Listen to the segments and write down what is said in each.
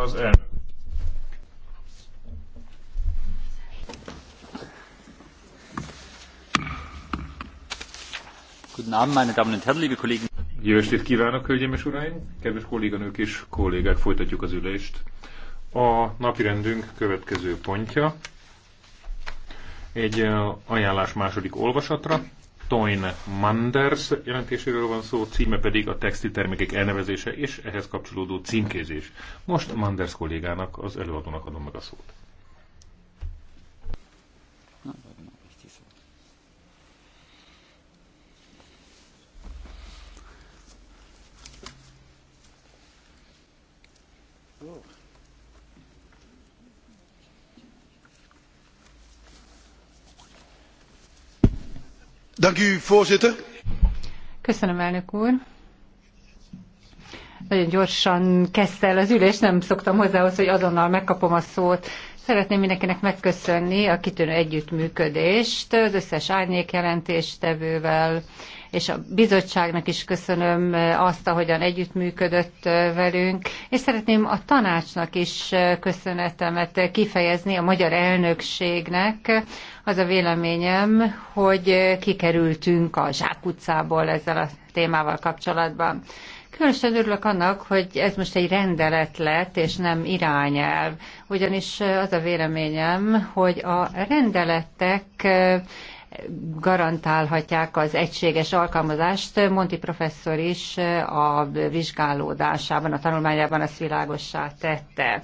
az Guten Abend, meine Damen und Herren, liebe Kollegen. Jó estét kívánok, hölgyeim és uraim! Kedves kolléganők és kollégák, folytatjuk az ülést. A napirendünk következő pontja egy ajánlás második olvasatra. Toyn Manders jelentéséről van szó, címe pedig a texti termékek elnevezése és ehhez kapcsolódó címkézés. Most Manders kollégának, az előadónak adom meg a szót. Köszönöm, Nagyon gyorsan kezdte el az ülés, nem szoktam hozzához, hogy azonnal megkapom a szót. Szeretném mindenkinek megköszönni a kitűnő együttműködést az összes árnyékjelentéstevővel, és a bizottságnak is köszönöm azt, ahogyan együttműködött velünk, és szeretném a tanácsnak is köszönetemet kifejezni a magyar elnökségnek. Az a véleményem, hogy kikerültünk a zsákutcából ezzel a témával kapcsolatban. Különösen örülök annak, hogy ez most egy rendelet lett, és nem irányelv. Ugyanis az a véleményem, hogy a rendeletek garantálhatják az egységes alkalmazást. Monti professzor is a vizsgálódásában, a tanulmányában ezt világossá tette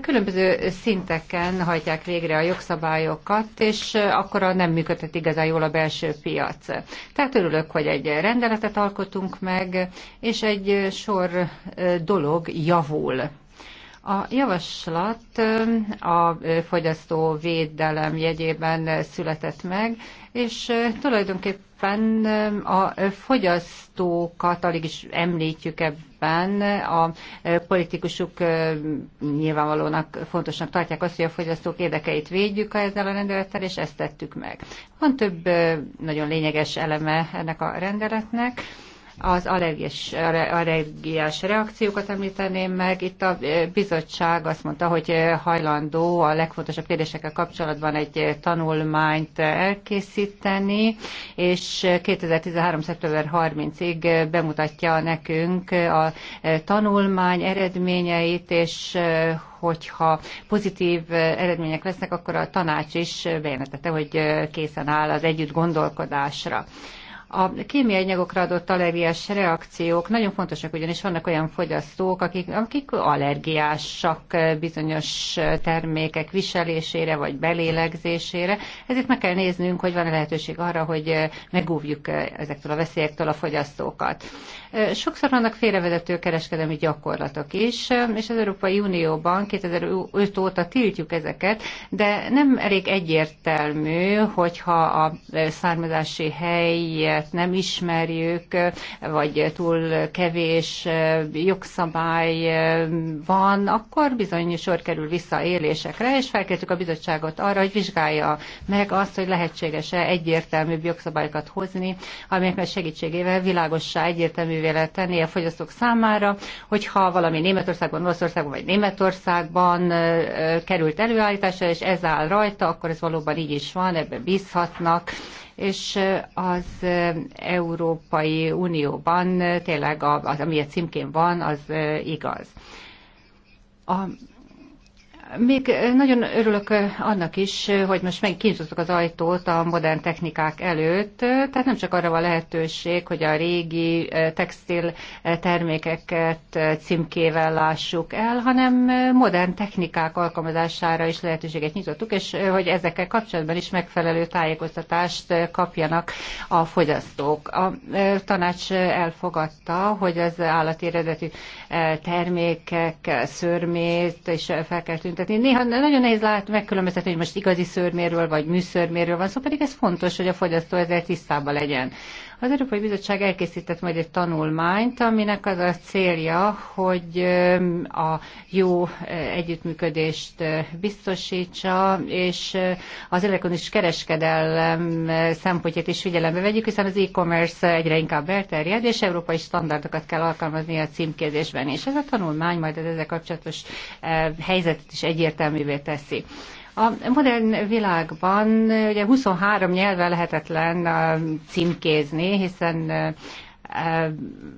különböző szinteken hajtják végre a jogszabályokat, és akkor nem működhet igazán jól a belső piac. Tehát örülök, hogy egy rendeletet alkotunk meg, és egy sor dolog javul a javaslat a fogyasztó védelem jegyében született meg, és tulajdonképpen a fogyasztókat alig is említjük ebben, a politikusok nyilvánvalónak fontosnak tartják azt, hogy a fogyasztók érdekeit védjük ezzel a rendelettel, és ezt tettük meg. Van több nagyon lényeges eleme ennek a rendeletnek az allergiás, allergiás reakciókat említeném meg. Itt a bizottság azt mondta, hogy hajlandó a legfontosabb kérdésekkel kapcsolatban egy tanulmányt elkészíteni, és 2013. szeptember 30-ig bemutatja nekünk a tanulmány eredményeit, és hogyha pozitív eredmények lesznek, akkor a tanács is bejelentette, hogy készen áll az együtt gondolkodásra. A kémiai anyagokra adott allergiás reakciók nagyon fontosak, ugyanis vannak olyan fogyasztók, akik, akik allergiásak bizonyos termékek viselésére vagy belélegzésére. Ezért meg kell néznünk, hogy van -e lehetőség arra, hogy megóvjuk ezektől a veszélyektől a fogyasztókat. Sokszor vannak félrevezető kereskedelmi gyakorlatok is, és az Európai Unióban 2005 óta tiltjuk ezeket, de nem elég egyértelmű, hogyha a származási helyet nem ismerjük, vagy túl kevés jogszabály van, akkor bizony sor kerül vissza élésekre, és felkértük a bizottságot arra, hogy vizsgálja meg azt, hogy lehetséges-e egyértelműbb jogszabályokat hozni, amelyeknek segítségével világossá egyértelmű egyértelművé tenni a fogyasztók számára, hogyha valami Németországban, Olaszországban vagy Németországban került előállításra, és ez áll rajta, akkor ez valóban így is van, ebben bízhatnak, és az Európai Unióban tényleg az, ami a címkén van, az igaz. A még nagyon örülök annak is, hogy most megkinyitottuk az ajtót a modern technikák előtt, tehát nem csak arra van lehetőség, hogy a régi textil termékeket címkével lássuk el, hanem modern technikák alkalmazására is lehetőséget nyitottuk, és hogy ezekkel kapcsolatban is megfelelő tájékoztatást kapjanak a fogyasztók. A tanács elfogadta, hogy az állati eredetű termékek szörmét és felkeltünk kimutatni. Néha nagyon nehéz lát, megkülönböztetni, hogy most igazi szőrméről vagy műszörméről van szó, szóval pedig ez fontos, hogy a fogyasztó ezzel tisztában legyen. Az Európai Bizottság elkészített majd egy tanulmányt, aminek az a célja, hogy a jó együttműködést biztosítsa, és az elektronikus kereskedelem szempontját is figyelembe vegyük, hiszen az e-commerce egyre inkább elterjed, és európai standardokat kell alkalmazni a címkézésben. És ez a tanulmány majd az ezzel kapcsolatos helyzetet is egyértelművé teszi. A modern világban ugye 23 nyelven lehetetlen címkézni, hiszen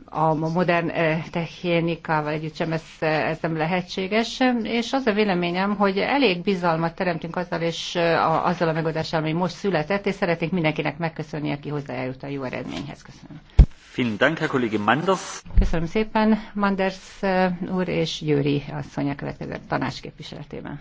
a modern technikával együtt sem ez, ez nem lehetséges, és az a véleményem, hogy elég bizalmat teremtünk azzal és a, azzal a megoldással, ami most született, és szeretnénk mindenkinek megköszönni, aki hozzájárult a jó eredményhez. Köszönöm. Köszönöm szépen, Manders úr és Győri asszony a következő tanács képviseletében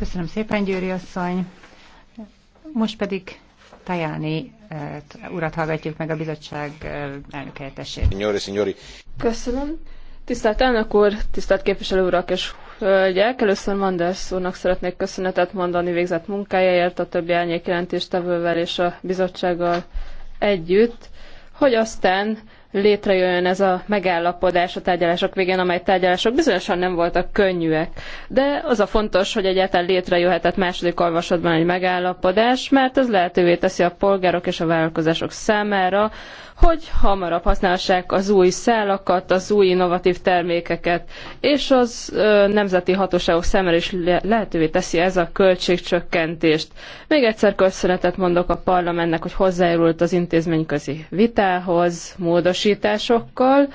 Köszönöm szépen, Győri asszony. Most pedig Tajáni eh, urat hallgatjuk meg a bizottság eh, elnök helyettesét. Signori, signori. Köszönöm. Tisztelt elnök úr, tisztelt képviselő urak és hölgyek! Először Manders úrnak szeretnék köszönetet mondani végzett munkájáért, a többi elnyék jelentéstevővel és a bizottsággal együtt, hogy aztán létrejöjjön ez a megállapodás a tárgyalások végén, amely tárgyalások bizonyosan nem voltak könnyűek. De az a fontos, hogy egyáltalán létrejöhetett második olvasatban egy megállapodás, mert ez lehetővé teszi a polgárok és a vállalkozások számára, hogy hamarabb használhassák az új szálakat, az új innovatív termékeket, és az ö, nemzeti hatóságok számára is le lehetővé teszi ez a költségcsökkentést. Még egyszer köszönetet mondok a parlamentnek, hogy hozzájárult az intézményközi vitához, módos módosításokkal.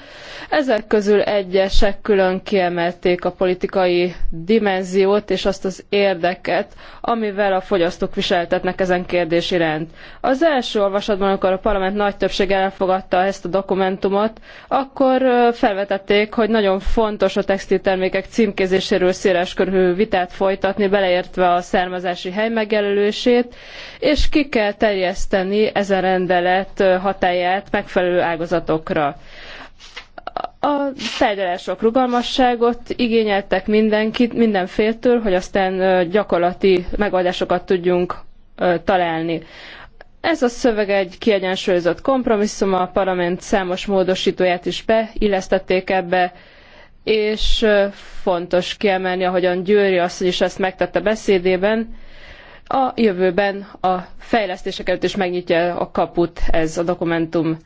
Ezek közül egyesek külön kiemelték a politikai dimenziót és azt az érdeket, amivel a fogyasztók viseltetnek ezen kérdés iránt. Az első olvasatban, amikor a parlament nagy többsége elfogadta ezt a dokumentumot, akkor felvetették, hogy nagyon fontos a textiltermékek címkézéséről körű vitát folytatni, beleértve a származási hely megjelölését, és ki kell terjeszteni ezen rendelet hatáját megfelelő ágazatokra feladatokra. A tárgyalások rugalmasságot igényeltek mindenkit, mindenféltől, hogy aztán gyakorlati megoldásokat tudjunk találni. Ez a szöveg egy kiegyensúlyozott kompromisszum, a parlament számos módosítóját is beillesztették ebbe, és fontos kiemelni, ahogyan Győri asszony is ezt megtette beszédében, a jövőben a fejlesztéseket is megnyitja a kaput ez a dokumentum.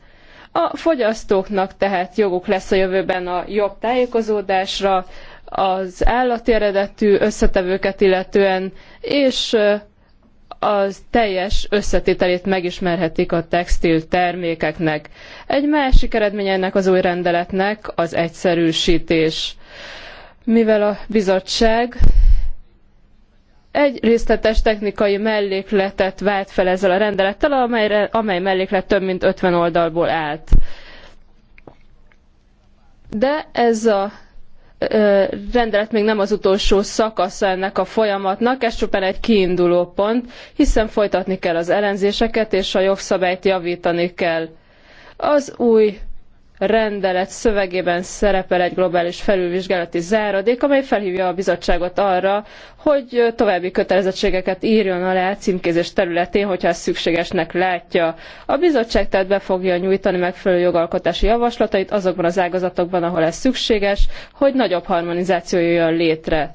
A fogyasztóknak tehát joguk lesz a jövőben a jobb tájékozódásra, az állati eredetű összetevőket illetően, és az teljes összetételét megismerhetik a textil termékeknek. Egy másik eredménye ennek az új rendeletnek az egyszerűsítés. Mivel a bizottság egy részletes technikai mellékletet vált fel ezzel a rendelettel, amelyre, amely melléklet több mint 50 oldalból állt. De ez a ö, rendelet még nem az utolsó szakasz ennek a folyamatnak, ez csupán egy kiinduló pont, hiszen folytatni kell az ellenzéseket, és a jogszabályt javítani kell. Az új rendelet szövegében szerepel egy globális felülvizsgálati záradék, amely felhívja a bizottságot arra, hogy további kötelezettségeket írjon alá címkézés területén, hogyha ezt szükségesnek látja. A bizottság tehát be fogja nyújtani megfelelő jogalkotási javaslatait azokban az ágazatokban, ahol ez szükséges, hogy nagyobb harmonizáció jöjjön létre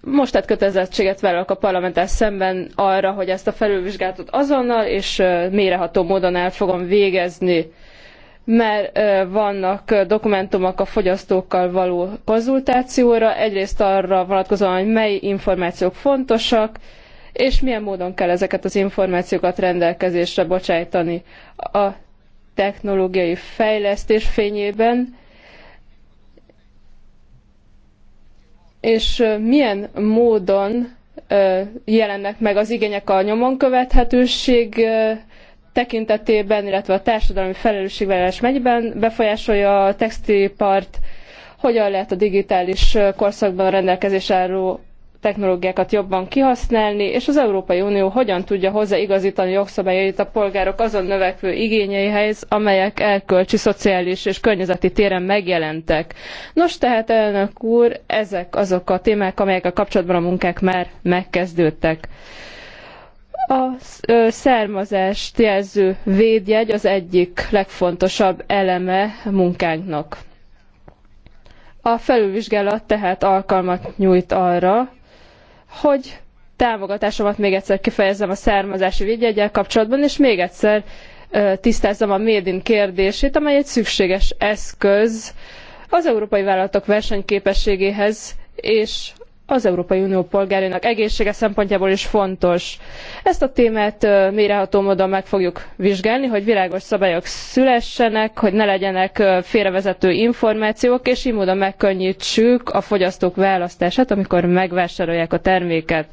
most tett kötelezettséget vállalok a parlamenttel szemben arra, hogy ezt a felülvizsgálatot azonnal és mélyreható módon el fogom végezni mert vannak dokumentumok a fogyasztókkal való konzultációra, egyrészt arra vonatkozóan, hogy mely információk fontosak, és milyen módon kell ezeket az információkat rendelkezésre bocsájtani a technológiai fejlesztés fényében, és milyen módon jelennek meg az igények a nyomon követhetőség tekintetében, illetve a társadalmi felelősségvállalás mennyiben befolyásolja a textilipart, hogyan lehet a digitális korszakban a rendelkezés álló technológiákat jobban kihasználni, és az Európai Unió hogyan tudja hozzáigazítani jogszabályait a polgárok azon növekvő igényeihez, amelyek elkölcsi, szociális és környezeti téren megjelentek. Nos, tehát elnök úr, ezek azok a témák, amelyekkel kapcsolatban a munkák már megkezdődtek. A származást jelző védjegy az egyik legfontosabb eleme munkánknak. A felülvizsgálat tehát alkalmat nyújt arra, hogy támogatásomat még egyszer kifejezzem a származási védjegyel kapcsolatban, és még egyszer tisztázzam a Médin kérdését, amely egy szükséges eszköz az európai vállalatok versenyképességéhez és az Európai Unió polgárainak egészsége szempontjából is fontos. Ezt a témát mélyreható módon meg fogjuk vizsgálni, hogy világos szabályok szülessenek, hogy ne legyenek félrevezető információk, és így módon megkönnyítsük a fogyasztók választását, amikor megvásárolják a terméket.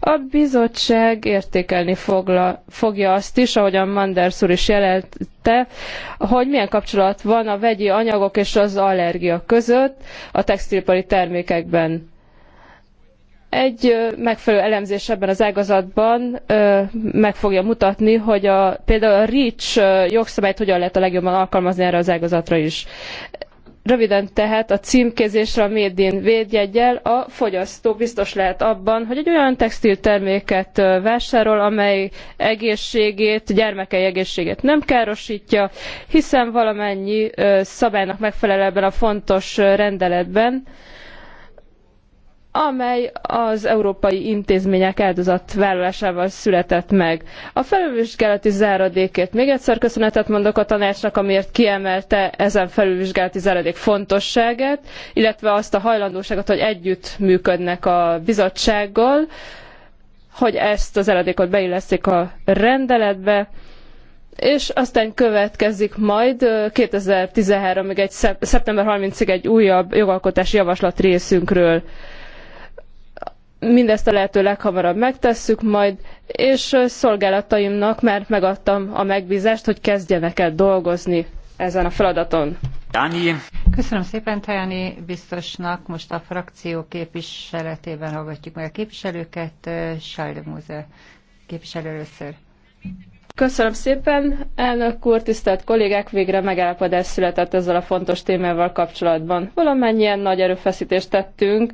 A bizottság értékelni fogla, fogja azt is, ahogyan Manders úr is jelente, hogy milyen kapcsolat van a vegyi anyagok és az allergia között a textilipari termékekben egy megfelelő elemzés ebben az ágazatban meg fogja mutatni, hogy a, például a REACH jogszabályt hogyan lehet a legjobban alkalmazni erre az ágazatra is. Röviden tehát a címkézésre a Made in védjegyel a fogyasztó biztos lehet abban, hogy egy olyan textilterméket vásárol, amely egészségét, gyermekei egészségét nem károsítja, hiszen valamennyi szabálynak megfelel ebben a fontos rendeletben, amely az európai intézmények áldozatvállalásával született meg. A felülvizsgálati záradékért még egyszer köszönetet mondok a tanácsnak, amiért kiemelte ezen felülvizsgálati záradék fontosságát, illetve azt a hajlandóságot, hogy együtt működnek a bizottsággal, hogy ezt az eredékot beillesztik a rendeletbe, és aztán következik majd 2013-ig, egy szeptember 30-ig egy újabb jogalkotási javaslat részünkről. Mindezt a lehető leghamarabb megtesszük majd, és szolgálataimnak már megadtam a megbízást, hogy kezdjenek el dolgozni ezen a feladaton. Dani. Köszönöm szépen Tajani biztosnak. Most a frakció képviseletében hallgatjuk meg a képviselőket. Sajdemúze képviselő először. Köszönöm szépen, elnök úr, tisztelt kollégák, végre megállapodás született ezzel a fontos témával kapcsolatban. Valamennyien nagy erőfeszítést tettünk,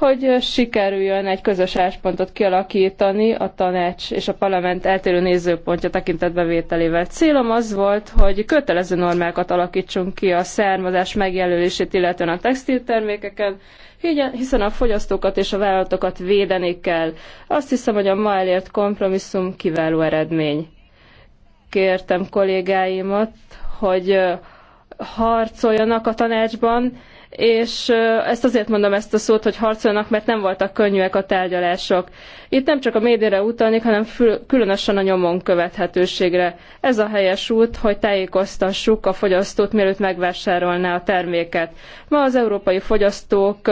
hogy sikerüljön egy közös álláspontot kialakítani a tanács és a parlament eltérő nézőpontja tekintetbevételével. Célom az volt, hogy kötelező normákat alakítsunk ki a származás megjelölését, illetően a textiltermékeken, hiszen a fogyasztókat és a vállalatokat védeni kell. Azt hiszem, hogy a ma elért kompromisszum kiváló eredmény. Kértem kollégáimat, hogy harcoljanak a tanácsban, és ezt azért mondom ezt a szót, hogy harcolnak, mert nem voltak könnyűek a tárgyalások. Itt nem csak a médiára utalnék, hanem különösen a nyomon követhetőségre. Ez a helyes út, hogy tájékoztassuk a fogyasztót, mielőtt megvásárolná a terméket. Ma az európai fogyasztók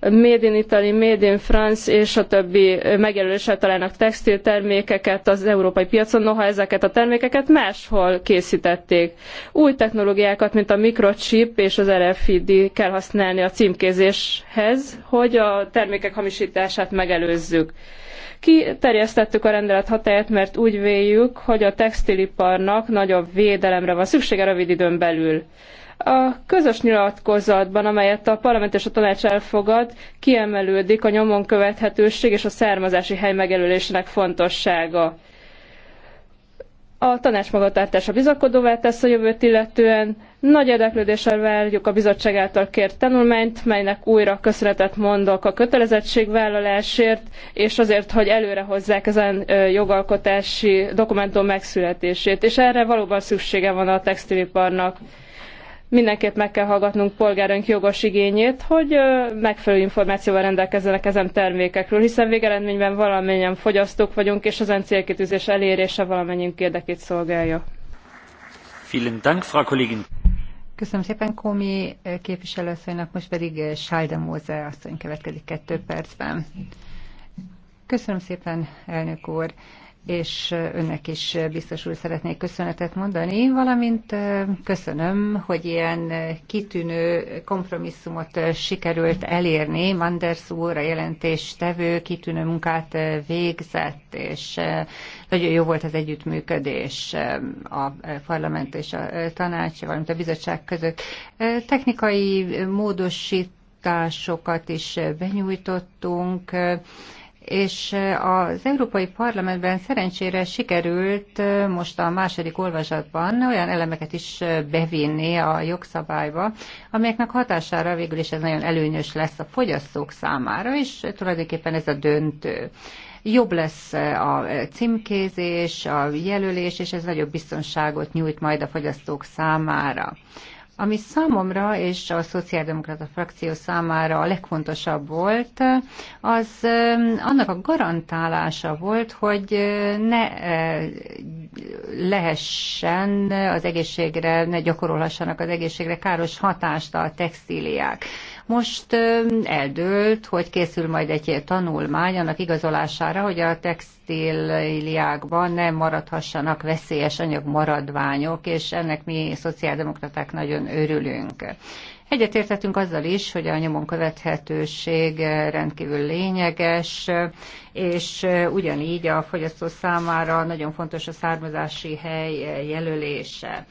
Made in Italy, Made in France és a többi megjelöléssel találnak textiltermékeket az európai piacon, noha ezeket a termékeket máshol készítették. Új technológiákat, mint a mikrochip és az RFID kell használni a címkézéshez, hogy a termékek hamisítását megelőzzük. Kiterjesztettük a rendelet hatáját, mert úgy véljük, hogy a textiliparnak nagyobb védelemre van szüksége rövid időn belül. A közös nyilatkozatban, amelyet a parlament és a tanács elfogad, kiemelődik a nyomon követhetőség és a származási hely megjelölésének fontossága. A tanács magatartása bizakodóvá tesz a jövőt illetően. Nagy érdeklődéssel várjuk a bizottság által kért tanulmányt, melynek újra köszönetet mondok a kötelezettségvállalásért, és azért, hogy előre hozzák ezen jogalkotási dokumentum megszületését. És erre valóban szüksége van a textiliparnak mindenképp meg kell hallgatnunk polgárunk jogos igényét, hogy megfelelő információval rendelkezzenek ezen termékekről, hiszen végeredményben valamennyien fogyasztók vagyunk, és ezen célkitűzés elérése valamennyiünk érdekét szolgálja. Köszönöm szépen Komi képviselőasszonynak, most pedig Schalde Móze asszony következik kettő percben. Köszönöm szépen, elnök úr és önnek is biztos úr szeretnék köszönetet mondani, valamint köszönöm, hogy ilyen kitűnő kompromisszumot sikerült elérni. Manders úr a jelentéstevő kitűnő munkát végzett, és nagyon jó volt az együttműködés a parlament és a tanács, valamint a bizottság között. Technikai módosításokat is benyújtottunk, és az Európai Parlamentben szerencsére sikerült most a második olvasatban olyan elemeket is bevinni a jogszabályba, amelyeknek hatására végül is ez nagyon előnyös lesz a fogyasztók számára, és tulajdonképpen ez a döntő jobb lesz a címkézés, a jelölés, és ez nagyobb biztonságot nyújt majd a fogyasztók számára. Ami számomra és a Szociáldemokrata frakció számára a legfontosabb volt, az um, annak a garantálása volt, hogy uh, ne uh, lehessen az egészségre, ne gyakorolhassanak az egészségre káros hatást a textíliák. Most eldőlt, hogy készül majd egy tanulmány annak igazolására, hogy a textíliákban nem maradhassanak veszélyes anyagmaradványok, és ennek mi szociáldemokraták nagyon örülünk. Egyetértettünk azzal is, hogy a nyomon követhetőség rendkívül lényeges, és ugyanígy a fogyasztó számára nagyon fontos a származási hely jelölése.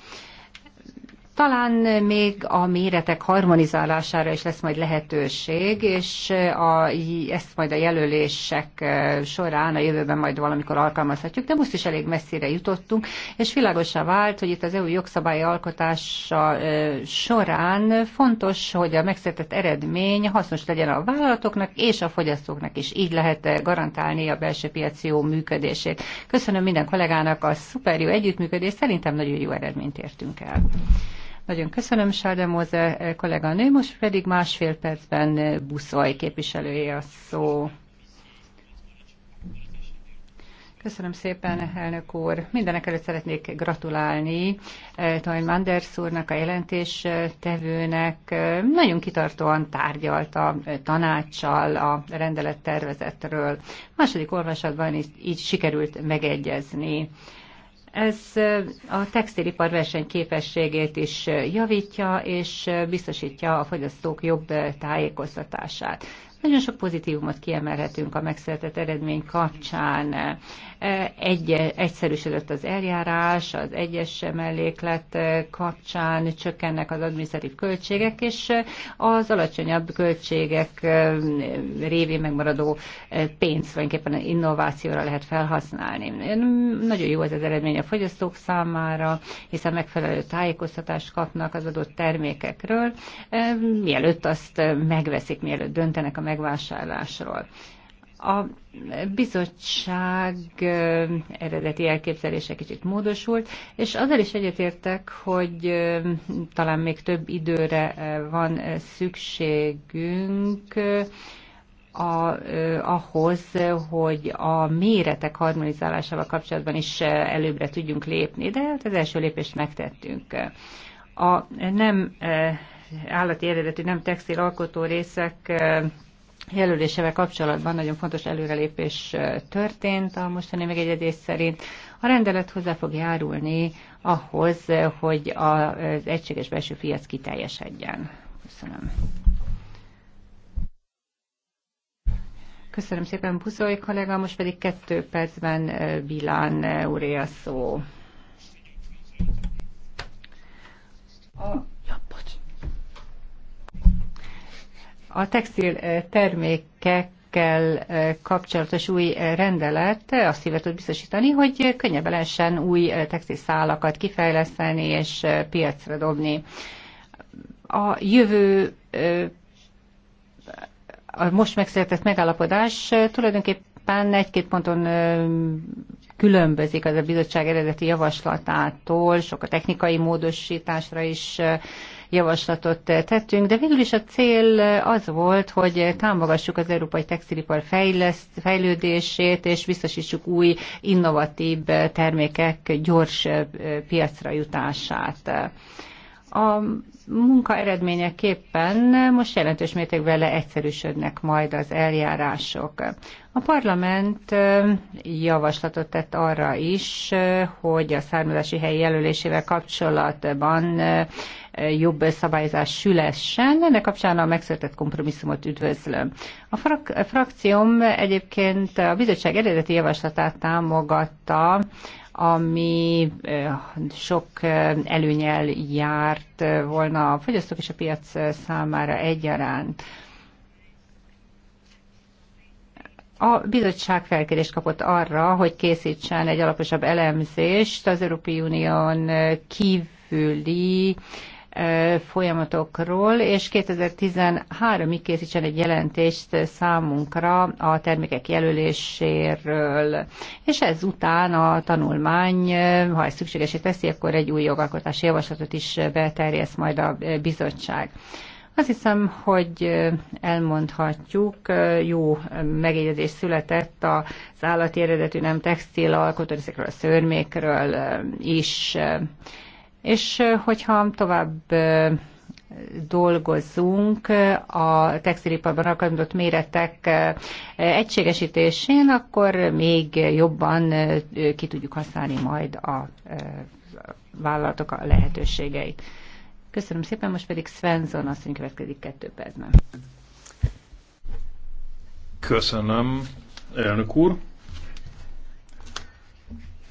Talán még a méretek harmonizálására is lesz majd lehetőség, és a, ezt majd a jelölések során a jövőben majd valamikor alkalmazhatjuk, de most is elég messzire jutottunk, és világosá vált, hogy itt az EU jogszabályi alkotása során fontos, hogy a megszertett eredmény hasznos legyen a vállalatoknak és a fogyasztóknak is. Így lehet garantálni a belső piaci jó működését. Köszönöm minden kollégának a szuper jó együttműködést, szerintem nagyon jó eredményt értünk el. Nagyon köszönöm, Sárda Móze kolléganő, most pedig másfél percben Buszoly képviselője a szó. Köszönöm szépen, elnök úr. Mindenek előtt szeretnék gratulálni eh, Tony Manders úrnak, a jelentéstevőnek. Eh, eh, nagyon kitartóan tárgyalt a tanácssal a rendelet tervezetről. Második olvasatban is így sikerült megegyezni. Ez a textilipar versenyképességét is javítja, és biztosítja a fogyasztók jobb tájékoztatását. Nagyon sok pozitívumot kiemelhetünk a megszületett eredmény kapcsán egy, egyszerűsödött az eljárás, az egyes melléklet kapcsán csökkennek az adminisztratív költségek, és az alacsonyabb költségek révén megmaradó pénzt tulajdonképpen innovációra lehet felhasználni. Nagyon jó ez az eredmény a fogyasztók számára, hiszen megfelelő tájékoztatást kapnak az adott termékekről, mielőtt azt megveszik, mielőtt döntenek a megvásárlásról. A bizottság eredeti elképzelése kicsit módosult, és azzal is egyetértek, hogy talán még több időre van szükségünk, a, ahhoz, hogy a méretek harmonizálásával kapcsolatban is előbbre tudjunk lépni, de hát az első lépést megtettünk. A nem állati eredetű, nem textil alkotó részek jelölésevel kapcsolatban nagyon fontos előrelépés történt a mostani megegyezés szerint. A rendelet hozzá fog járulni ahhoz, hogy az egységes belső piac kiteljesedjen. Köszönöm. Köszönöm szépen, Buzoly kollega, most pedig kettő percben Bilán úré a szó. A A textil eh, termékekkel eh, kapcsolatos új eh, rendelet azt tud biztosítani, hogy könnyebben lehessen új textilszálakat kifejleszteni és piacra dobni. A jövő a most megszületett megállapodás tulajdonképpen egy-két ponton különbözik az a bizottság eredeti javaslatától, sok a technikai módosításra is javaslatot tettünk, de végül is a cél az volt, hogy támogassuk az európai textilipar fejleszt, fejlődését, és biztosítsuk új innovatív termékek gyors piacra jutását. A munka eredményeképpen most jelentős mértékben leegyszerűsödnek majd az eljárások. A parlament javaslatot tett arra is, hogy a származási hely jelölésével kapcsolatban jobb szabályzás sülessen. Ennek kapcsán a megszületett kompromisszumot üdvözlöm. A frak- frakcióm egyébként a bizottság eredeti javaslatát támogatta, ami sok előnyel járt volna a fogyasztók és a piac számára egyaránt. A bizottság felkérést kapott arra, hogy készítsen egy alaposabb elemzést az Európai Unión kívüli folyamatokról, és 2013-ig készítsen egy jelentést számunkra a termékek jelöléséről. És ezután a tanulmány, ha ez szükségesé teszi, akkor egy új jogalkotási javaslatot is beterjeszt majd a bizottság. Azt hiszem, hogy elmondhatjuk, jó megjegyzés született az állati eredetű nem textil alkotó a szörmékről is. És hogyha tovább dolgozzunk a textiliparban alkalmazott méretek egységesítésén, akkor még jobban ki tudjuk használni majd a vállalatok a lehetőségeit. Köszönöm szépen, most pedig Svenzon asszony következik kettő percben. Köszönöm, elnök úr.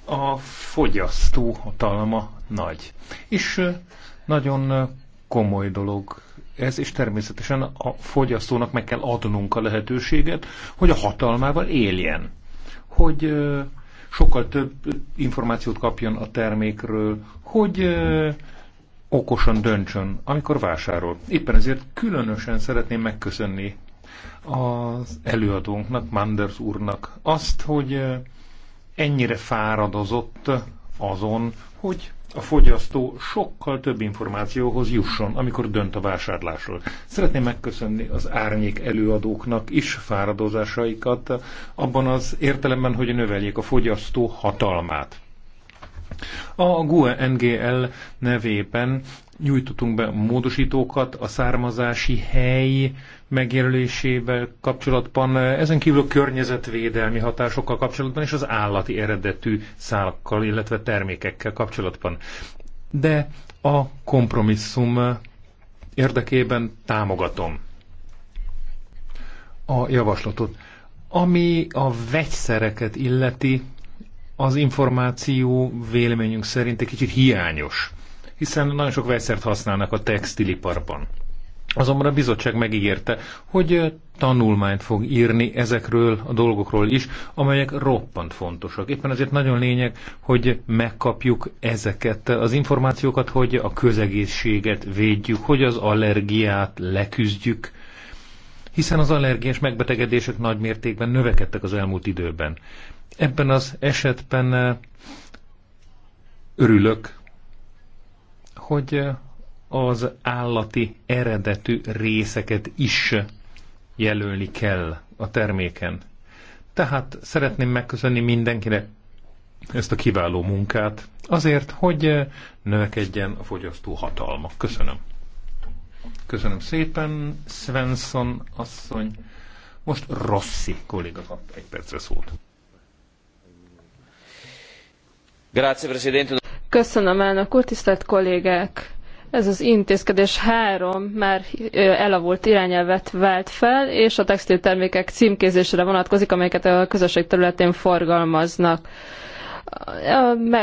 A fogyasztó hatalma nagy. És nagyon komoly dolog ez, és természetesen a fogyasztónak meg kell adnunk a lehetőséget, hogy a hatalmával éljen. Hogy sokkal több információt kapjon a termékről, hogy okosan döntsön, amikor vásárol. Éppen ezért különösen szeretném megköszönni az előadónknak, Manders úrnak azt, hogy ennyire fáradozott azon, hogy a fogyasztó sokkal több információhoz jusson, amikor dönt a vásárlásról. Szeretném megköszönni az árnyék előadóknak is fáradozásaikat abban az értelemben, hogy növeljék a fogyasztó hatalmát. A GUE NGL nevében nyújtottunk be módosítókat a származási hely megjelölésével kapcsolatban, ezen kívül a környezetvédelmi hatásokkal kapcsolatban és az állati eredetű szálakkal, illetve termékekkel kapcsolatban. De a kompromisszum érdekében támogatom a javaslatot. Ami a vegyszereket illeti, az információ véleményünk szerint egy kicsit hiányos, hiszen nagyon sok vegyszert használnak a textiliparban. Azonban a bizottság megígérte, hogy tanulmányt fog írni ezekről a dolgokról is, amelyek roppant fontosak. Éppen ezért nagyon lényeg, hogy megkapjuk ezeket az információkat, hogy a közegészséget védjük, hogy az allergiát leküzdjük, hiszen az allergiás megbetegedések nagy mértékben növekedtek az elmúlt időben. Ebben az esetben eh, örülök, hogy eh, az állati eredetű részeket is jelölni kell a terméken. Tehát szeretném megköszönni mindenkinek ezt a kiváló munkát, azért, hogy eh, növekedjen a fogyasztó hatalma. Köszönöm. Köszönöm szépen, Svensson asszony. Most Rossi kolléga kap egy percre szót. Köszönöm, elnök úr, tisztelt kollégák! Ez az intézkedés három már elavult irányelvet vált fel, és a textiltermékek címkézésére vonatkozik, amelyeket a közösség területén forgalmaznak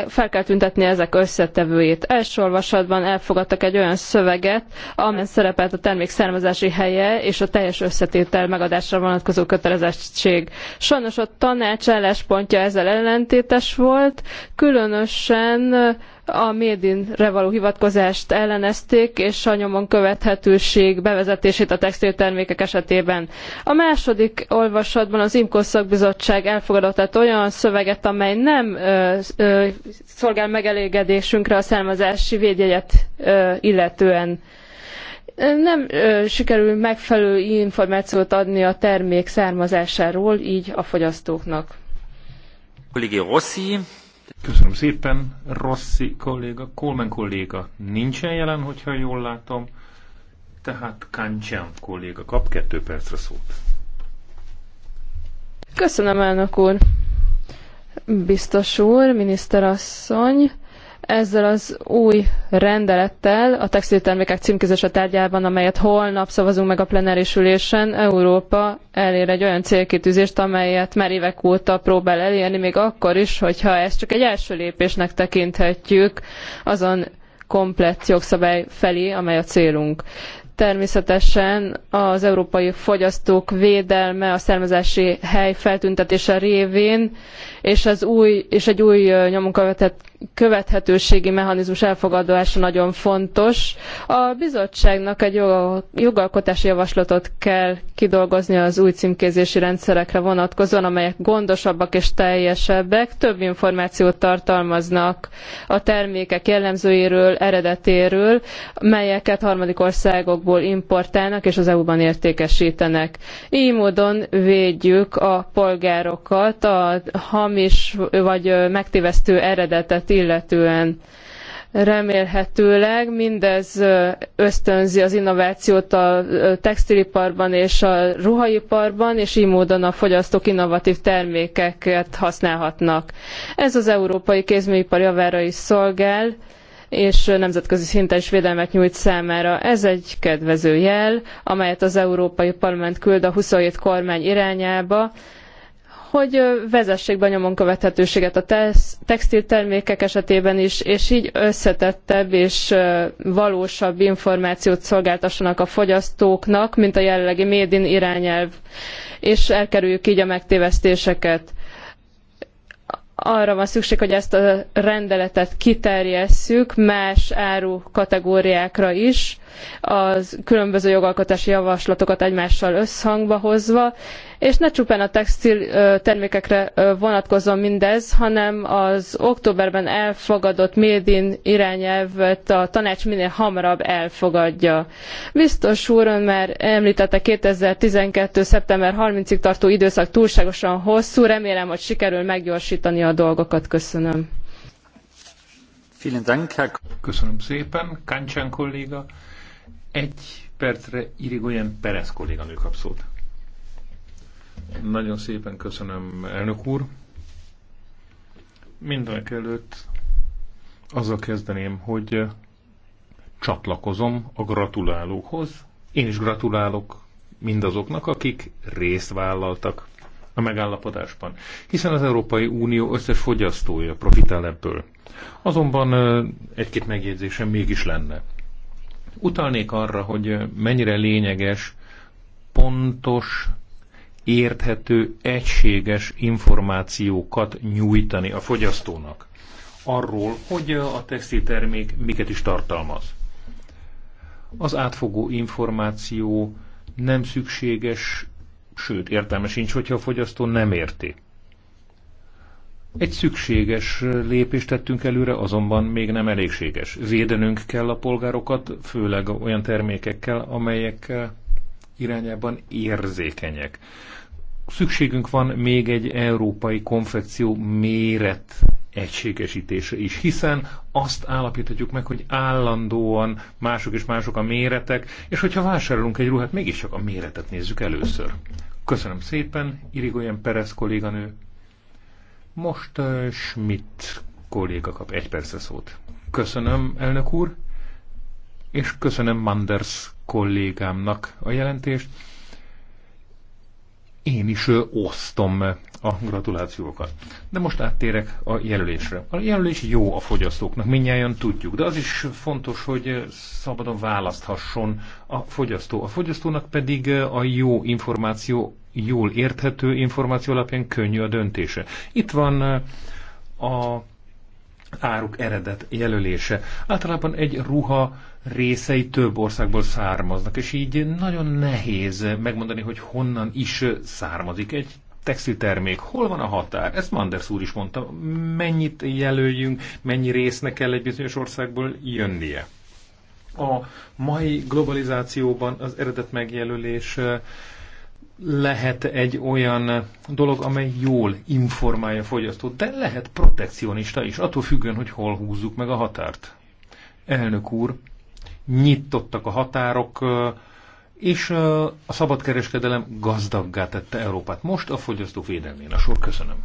fel kell tüntetni ezek összetevőit. Első olvasatban elfogadtak egy olyan szöveget, amely szerepelt a termék származási helye és a teljes összetétel megadásra vonatkozó kötelezettség. Sajnos a tanács álláspontja ezzel ellentétes volt, különösen a médinre való hivatkozást ellenezték, és a nyomon követhetőség bevezetését a textiltermékek esetében. A második olvasatban az IMCO szakbizottság elfogadott egy olyan szöveget, amely nem ö, ö, szolgál megelégedésünkre a származási védjegyet ö, illetően. Nem sikerül megfelelő információt adni a termék származásáról, így a fogyasztóknak. Kollégi Rossi, Köszönöm szépen, Rossi kolléga, Coleman kolléga nincsen jelen, hogyha jól látom, tehát Kancsán kolléga kap kettő percre szót. Köszönöm, elnök úr. Biztos úr, miniszterasszony, ezzel az új rendelettel a textiltermékek a tárgyában, amelyet holnap szavazunk meg a plenáris ülésen, Európa elér egy olyan célkitűzést, amelyet már évek óta próbál elérni, még akkor is, hogyha ezt csak egy első lépésnek tekinthetjük azon komplett jogszabály felé, amely a célunk. Természetesen az európai fogyasztók védelme a származási hely feltüntetése révén és, ez új, és egy új nyomon követhetőségi mechanizmus elfogadása nagyon fontos. A bizottságnak egy jogalkotási javaslatot kell kidolgoznia az új címkézési rendszerekre vonatkozóan, amelyek gondosabbak és teljesebbek, több információt tartalmaznak a termékek jellemzőiről, eredetéről, melyeket harmadik országokból importálnak és az EU-ban értékesítenek. Így módon védjük a polgárokat a ham hamis vagy megtévesztő eredetet illetően. Remélhetőleg mindez ösztönzi az innovációt a textiliparban és a ruhaiparban, és így módon a fogyasztók innovatív termékeket használhatnak. Ez az európai kézműipar javára is szolgál, és nemzetközi szinten is védelmet nyújt számára. Ez egy kedvező jel, amelyet az Európai Parlament küld a 27 kormány irányába, hogy vezessék be nyomon követhetőséget a textiltermékek esetében is, és így összetettebb és valósabb információt szolgáltassanak a fogyasztóknak, mint a jelenlegi médin irányelv, és elkerüljük így a megtévesztéseket arra van szükség, hogy ezt a rendeletet kiterjesszük más áru kategóriákra is, az különböző jogalkotási javaslatokat egymással összhangba hozva, és ne csupán a textil termékekre vonatkozzon mindez, hanem az októberben elfogadott Médin irányelvet a tanács minél hamarabb elfogadja. Biztos úr ön már említette 2012. szeptember 30-ig tartó időszak túlságosan hosszú, remélem, hogy sikerül meggyorsítani a dolgokat. Köszönöm. Köszönöm szépen, Kancsán kolléga. Egy percre Irigoyen Perez kolléganő kap szót. Nagyon szépen köszönöm, elnök úr. Mindenek előtt azzal kezdeném, hogy csatlakozom a gratulálókhoz. Én is gratulálok mindazoknak, akik részt vállaltak a megállapodásban, hiszen az Európai Unió összes fogyasztója profitál ebből. Azonban egy-két megjegyzésem mégis lenne. Utalnék arra, hogy mennyire lényeges, pontos érthető, egységes információkat nyújtani a fogyasztónak arról, hogy a textiltermék miket is tartalmaz. Az átfogó információ nem szükséges, sőt értelme sincs, hogyha a fogyasztó nem érti. Egy szükséges lépést tettünk előre, azonban még nem elégséges. Védenünk kell a polgárokat, főleg olyan termékekkel, amelyek irányában érzékenyek. Szükségünk van még egy európai konfekció méret egységesítése is, hiszen azt állapíthatjuk meg, hogy állandóan mások és mások a méretek, és hogyha vásárolunk egy ruhát, mégiscsak a méretet nézzük először. Köszönöm szépen, Irigoyen Perez kolléganő. Most uh, Schmidt kolléga kap egy perce szót. Köszönöm, elnök úr, és köszönöm Manders kollégámnak a jelentést. Én is osztom a gratulációkat. De most áttérek a jelölésre. A jelölés jó a fogyasztóknak, minnyáján tudjuk, de az is fontos, hogy szabadon választhasson a fogyasztó. A fogyasztónak pedig a jó információ, jól érthető információ alapján könnyű a döntése. Itt van a áruk eredet jelölése. Általában egy ruha részei több országból származnak, és így nagyon nehéz megmondani, hogy honnan is származik egy textiltermék. Hol van a határ? Ezt Manders úr is mondta. Mennyit jelöljünk, mennyi résznek kell egy bizonyos országból jönnie? A mai globalizációban az eredet megjelölés lehet egy olyan dolog, amely jól informálja a fogyasztót, de lehet protekcionista is, attól függően, hogy hol húzzuk meg a határt. Elnök úr, nyitottak a határok, és a szabadkereskedelem gazdaggá tette Európát. Most a fogyasztók védelmén a sor. Köszönöm.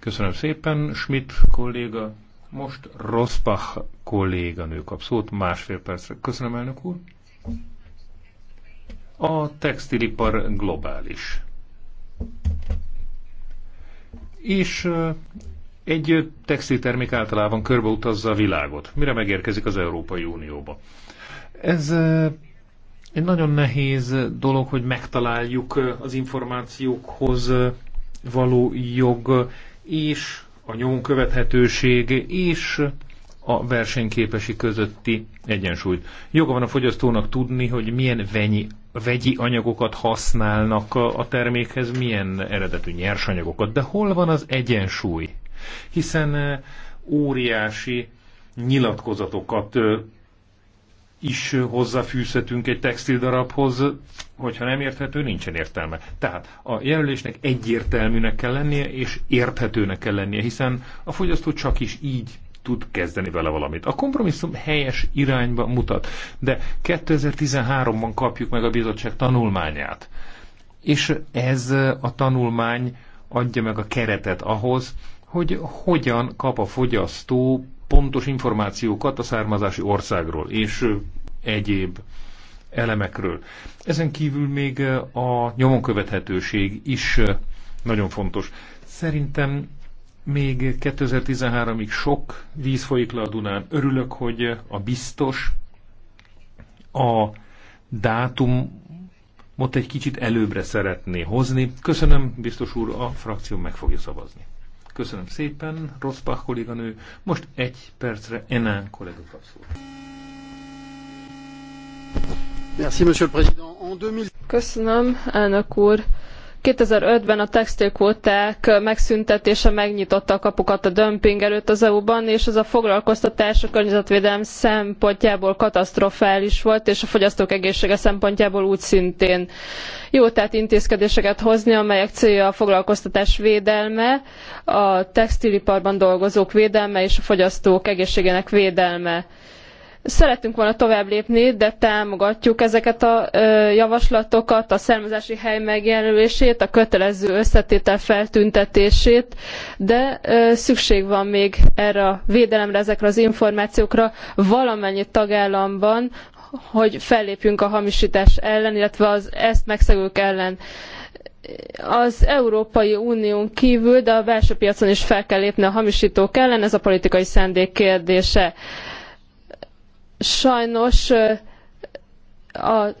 Köszönöm szépen, Schmidt kolléga. Most Rosbach kolléganő kap szót másfél percre. Köszönöm, elnök úr. A textilipar globális. És egy textiltermék általában körbeutazza a világot, mire megérkezik az Európai Unióba. Ez egy nagyon nehéz dolog, hogy megtaláljuk az információkhoz való jog, és a nyomon követhetőség, és a versenyképesi közötti egyensúlyt. Joga van a fogyasztónak tudni, hogy milyen venyi vegyi anyagokat használnak a termékhez, milyen eredetű nyersanyagokat, de hol van az egyensúly? Hiszen óriási nyilatkozatokat is hozzáfűzhetünk egy textil darabhoz, hogyha nem érthető, nincsen értelme. Tehát a jelölésnek egyértelműnek kell lennie, és érthetőnek kell lennie, hiszen a fogyasztó csak is így tud kezdeni vele valamit. A kompromisszum helyes irányba mutat, de 2013-ban kapjuk meg a bizottság tanulmányát. És ez a tanulmány adja meg a keretet ahhoz, hogy hogyan kap a fogyasztó pontos információkat a származási országról és egyéb elemekről. Ezen kívül még a nyomonkövethetőség is nagyon fontos. Szerintem még 2013-ig sok víz folyik le a Dunán. Örülök, hogy a biztos a dátum most egy kicsit előbbre szeretné hozni. Köszönöm, biztos úr, a frakció meg fogja szavazni. Köszönöm szépen, Rosbach kolléganő. Most egy percre Enán kollega kap Köszönöm, elnök úr. 2005-ben a textilkvóták megszüntetése megnyitotta a kapukat a dömping előtt az EU-ban, és ez a foglalkoztatás a környezetvédelem szempontjából katasztrofális volt, és a fogyasztók egészsége szempontjából úgy szintén. Jó tehát intézkedéseket hozni, amelyek célja a foglalkoztatás védelme, a textiliparban dolgozók védelme és a fogyasztók egészségének védelme. Szeretünk volna tovább lépni, de támogatjuk ezeket a javaslatokat, a származási hely megjelölését, a kötelező összetétel feltüntetését, de szükség van még erre a védelemre, ezekre az információkra valamennyi tagállamban, hogy fellépjünk a hamisítás ellen, illetve az ezt megszegők ellen az Európai Unión kívül, de a belső piacon is fel kell lépni a hamisítók ellen, ez a politikai szándék kérdése sajnos a,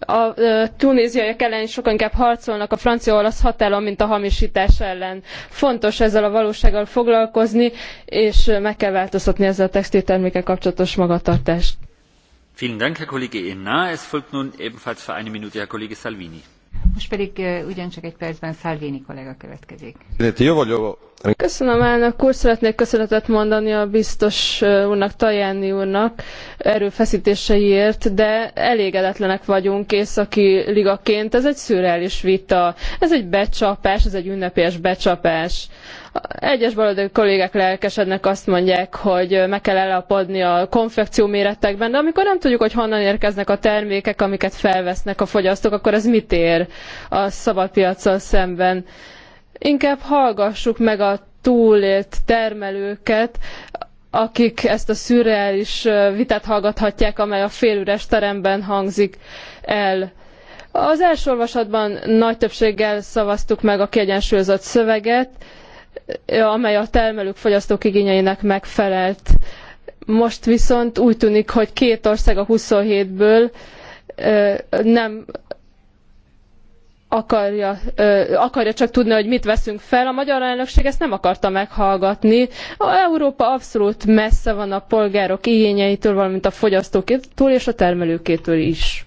a, a tunéziaiak ellen sokkal inkább harcolnak a francia-olasz határon, mint a hamisítás ellen. Fontos ezzel a valósággal foglalkozni, és meg kell változtatni ezzel a textiltermékkel kapcsolatos magatartást. Vielen Dank, Herr Kollege Enna. Es folgt nun ebenfalls für eine Minute Herr Kollege Salvini. Most pedig ugyancsak egy percben Szálvéni kollega következik. Köszönöm elnök úr, szeretnék köszönetet mondani a biztos úrnak, Tajáni úrnak erőfeszítéseiért, de elégedetlenek vagyunk északi ligaként. Ez egy szürreális vita, ez egy becsapás, ez egy ünnepélyes becsapás. Egyes baloldali kollégák lelkesednek, azt mondják, hogy meg kell elapadni a konfekció méretekben, de amikor nem tudjuk, hogy honnan érkeznek a termékek, amiket felvesznek a fogyasztók, akkor ez mit ér a szabadpiacsal szemben? Inkább hallgassuk meg a túlélt termelőket, akik ezt a szürreális vitát hallgathatják, amely a félüres teremben hangzik el. Az első olvasatban nagy többséggel szavaztuk meg a kiegyensúlyozott szöveget, amely a termelők fogyasztók igényeinek megfelelt. Most viszont úgy tűnik, hogy két ország a 27-ből nem akarja, akarja csak tudni, hogy mit veszünk fel. A magyar elnökség ezt nem akarta meghallgatni. A Európa abszolút messze van a polgárok igényeitől, valamint a fogyasztókétől és a termelőkétől is.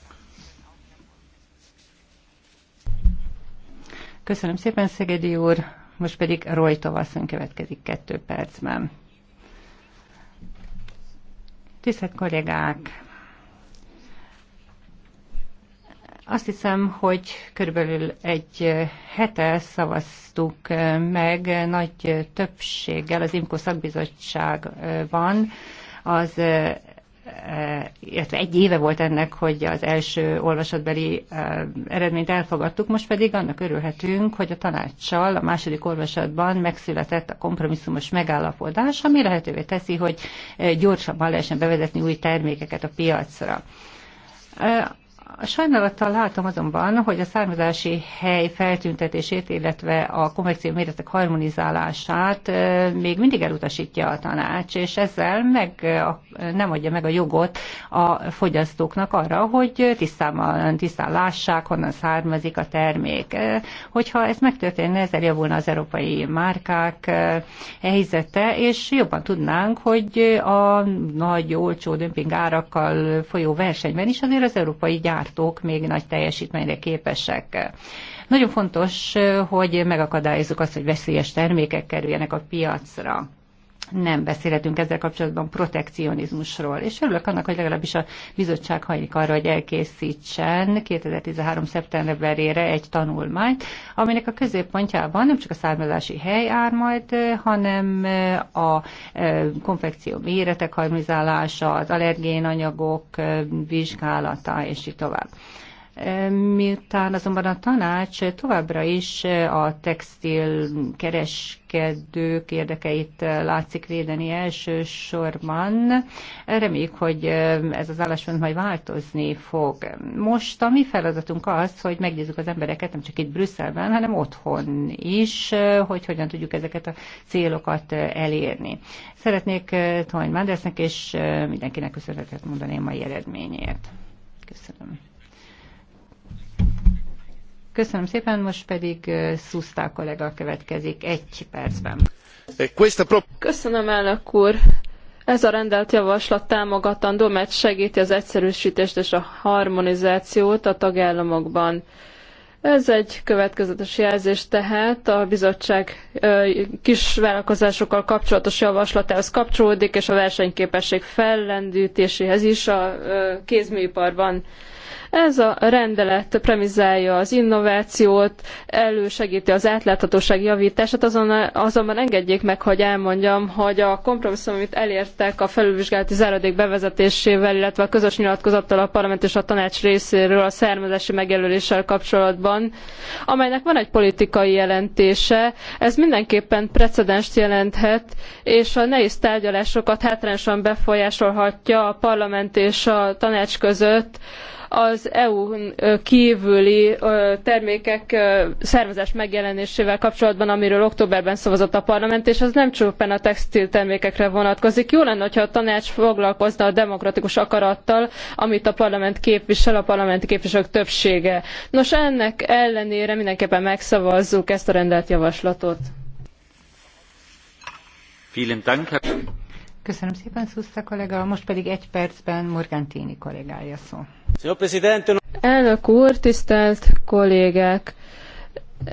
Köszönöm szépen, Szegedi úr. Most pedig Roy asszony következik kettő percben. Tisztelt kollégák! Azt hiszem, hogy körülbelül egy hete szavaztuk meg nagy többséggel az IMCO szakbizottságban az Eh, illetve egy éve volt ennek, hogy az első olvasatbeli eh, eredményt elfogadtuk, most pedig annak örülhetünk, hogy a tanácssal a második olvasatban megszületett a kompromisszumos megállapodás, ami lehetővé teszi, hogy eh, gyorsabban lehessen bevezetni új termékeket a piacra. A Sajnálattal látom azonban, hogy a származási hely feltüntetését, illetve a konvekció méretek harmonizálását még mindig elutasítja a tanács, és ezzel meg nem adja meg a jogot a fogyasztóknak arra, hogy tisztán, tisztán lássák, honnan származik a termék. Hogyha ez megtörténne, ezzel javulna az európai márkák helyzete, és jobban tudnánk, hogy a nagy, olcsó dömping árakkal folyó versenyben is azért az európai gyár gyártók még nagy teljesítményre képesek. Nagyon fontos, hogy megakadályozzuk azt, hogy veszélyes termékek kerüljenek a piacra nem beszélhetünk ezzel kapcsolatban protekcionizmusról. És örülök annak, hogy legalábbis a bizottság hajlik arra, hogy elkészítsen 2013. szeptemberére egy tanulmányt, aminek a középpontjában nem csak a származási hely áll majd, hanem a e, konfekció méretek harmonizálása, az allergén anyagok e, vizsgálata, és így tovább. Miután azonban a tanács továbbra is a textil kereskedők érdekeit látszik védeni elsősorban, reméljük, hogy ez az álláspont majd változni fog. Most a mi feladatunk az, hogy megnézzük az embereket nem csak itt Brüsszelben, hanem otthon is, hogy hogyan tudjuk ezeket a célokat elérni. Szeretnék Tony Mandersnek és mindenkinek köszönetet mondani a mai eredményért. Köszönöm. Köszönöm szépen, most pedig Szusztá kollega következik egy percben. Eh, Köszönöm, elnök úr. Ez a rendelt javaslat támogatandó, mert segíti az egyszerűsítést és a harmonizációt a tagállamokban. Ez egy következetes jelzés tehát a bizottság vállalkozásokkal kapcsolatos javaslatához kapcsolódik, és a versenyképesség fellendítéséhez is a kézműiparban. Ez a rendelet premizálja az innovációt, elősegíti az átláthatóság javítását, azon, azonban engedjék meg, hogy elmondjam, hogy a kompromisszum, amit elértek a felülvizsgálati záradék bevezetésével, illetve a közös nyilatkozattal a parlament és a tanács részéről a származási megjelöléssel kapcsolatban, amelynek van egy politikai jelentése, ez mindenképpen precedenst jelenthet, és a nehéz tárgyalásokat hátrányosan befolyásolhatja a parlament és a tanács között, az EU kívüli termékek szervezés megjelenésével kapcsolatban, amiről októberben szavazott a parlament, és ez nem csupán a textiltermékekre vonatkozik. Jó lenne, hogyha a tanács foglalkozna a demokratikus akarattal, amit a parlament képvisel, a parlamenti képviselők többsége. Nos, ennek ellenére mindenképpen megszavazzuk ezt a rendelt javaslatot. Köszönöm szépen, Szuszta kollega. Most pedig egy percben Morgantini kollégája szó. Elnök úr, tisztelt kollégák!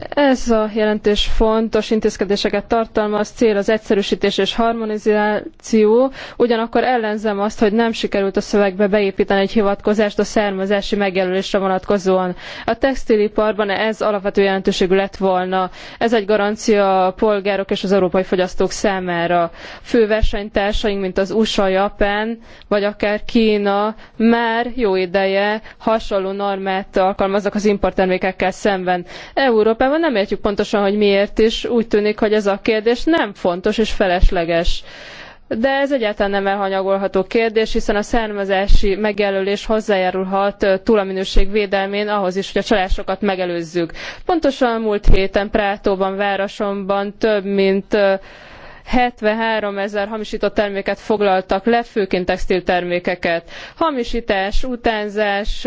Ez a jelentés fontos intézkedéseket tartalmaz, cél az egyszerűsítés és harmonizáció, ugyanakkor ellenzem azt, hogy nem sikerült a szövegbe beépíteni egy hivatkozást a származási megjelölésre vonatkozóan. A textiliparban ez alapvető jelentőségű lett volna. Ez egy garancia a polgárok és az európai fogyasztók számára. Fő versenytársaink, mint az USA, Japán vagy akár Kína már jó ideje hasonló normát alkalmaznak az importtermékekkel szemben. Európa Európában nem értjük pontosan, hogy miért is. Úgy tűnik, hogy ez a kérdés nem fontos és felesleges. De ez egyáltalán nem elhanyagolható kérdés, hiszen a származási megjelölés hozzájárulhat túl a minőség védelmén ahhoz is, hogy a csalásokat megelőzzük. Pontosan a múlt héten Prátóban, Városomban több mint 73 ezer hamisított terméket foglaltak le, főként textiltermékeket. Hamisítás, utánzás,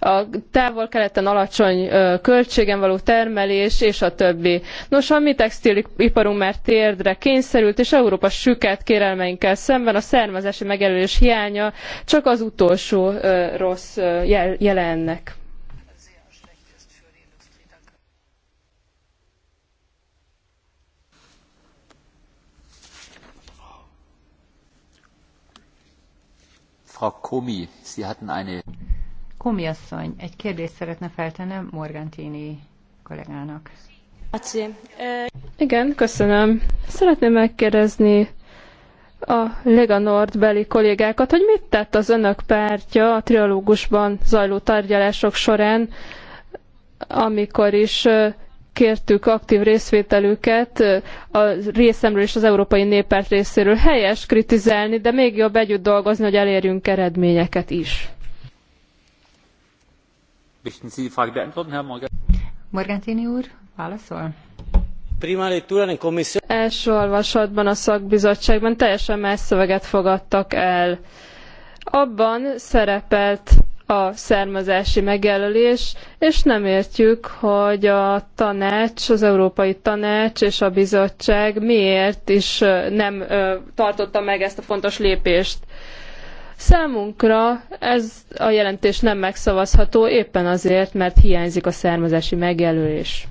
a távol-keleten alacsony költségen való termelés, és a többi. Nos, a mi textiliparunk már térdre kényszerült, és Európa süket kérelmeinkkel szemben a származási megjelölés hiánya csak az utolsó rossz jele ennek. Frau Komi, Sie hatten eine Komi asszony, egy kérdést szeretne feltennem Morgantini kollégának. Igen, köszönöm. Szeretném megkérdezni a Lega Nord beli kollégákat, hogy mit tett az önök pártja a trialógusban zajló tárgyalások során, amikor is kértük aktív részvételüket a részemről és az Európai Néppárt részéről. Helyes kritizálni, de még jobb együtt dolgozni, hogy elérjünk eredményeket is. Morgantini úr, válaszol? Első olvasatban a szakbizottságban teljesen más szöveget fogadtak el. Abban szerepelt a származási megjelölés, és nem értjük, hogy a tanács, az Európai Tanács és a bizottság miért is nem tartotta meg ezt a fontos lépést. Számunkra ez a jelentés nem megszavazható éppen azért, mert hiányzik a származási megjelölés.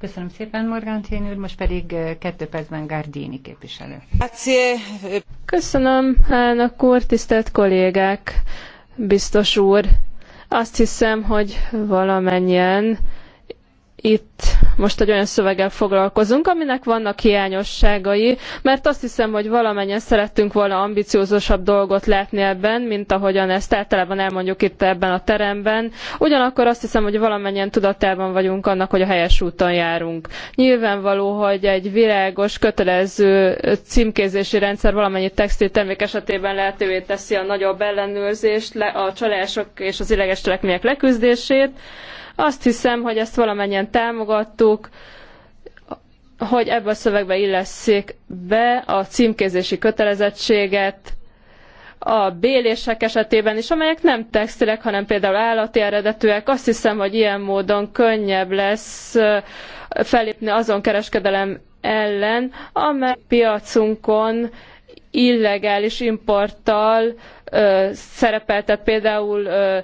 Köszönöm szépen, Morgan úr, most pedig kettő percben Gardini képviselő. Köszönöm, elnök úr, tisztelt kollégák, biztos úr. Azt hiszem, hogy valamennyien itt most egy olyan szöveggel foglalkozunk, aminek vannak hiányosságai, mert azt hiszem, hogy valamennyien szerettünk volna ambiciózusabb dolgot látni ebben, mint ahogyan ezt általában elmondjuk itt ebben a teremben. Ugyanakkor azt hiszem, hogy valamennyien tudatában vagyunk annak, hogy a helyes úton járunk. Nyilvánvaló, hogy egy világos, kötelező címkézési rendszer valamennyi textil termék esetében lehetővé teszi a nagyobb ellenőrzést, a csalások és az illeges cselekmények leküzdését, azt hiszem, hogy ezt valamennyien támogattuk, hogy ebbe a szövegbe illesszék be a címkézési kötelezettséget, a bélések esetében is, amelyek nem textilek, hanem például állati eredetűek. Azt hiszem, hogy ilyen módon könnyebb lesz felépni azon kereskedelem ellen, amely piacunkon illegális importtal ö, szerepeltet például ö,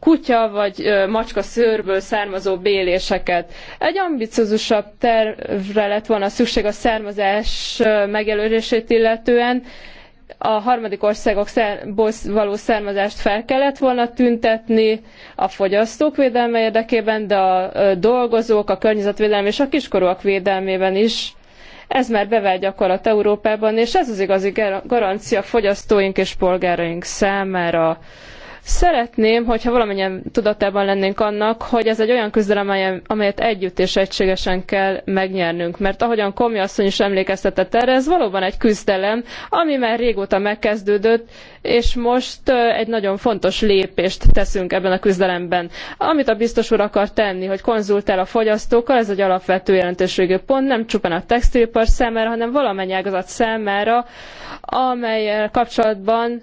kutya vagy macska szőrből származó béléseket. Egy ambiciózusabb tervre lett volna szükség a származás megjelölését illetően, a harmadik országokból való származást fel kellett volna tüntetni a fogyasztók védelme érdekében, de a dolgozók, a környezetvédelem és a kiskorúak védelmében is. Ez már bevált gyakorlat Európában, és ez az igazi garancia fogyasztóink és polgáraink számára. Szeretném, hogyha valamennyien tudatában lennénk annak, hogy ez egy olyan küzdelem, amelyet együtt és egységesen kell megnyernünk. Mert ahogyan Komi asszony is emlékeztetett erre, ez valóban egy küzdelem, ami már régóta megkezdődött, és most egy nagyon fontos lépést teszünk ebben a küzdelemben. Amit a biztos úr akar tenni, hogy konzultál a fogyasztókkal, ez egy alapvető jelentőségű pont, nem csupán a textilipar számára, hanem valamennyi ágazat számára, amelyel kapcsolatban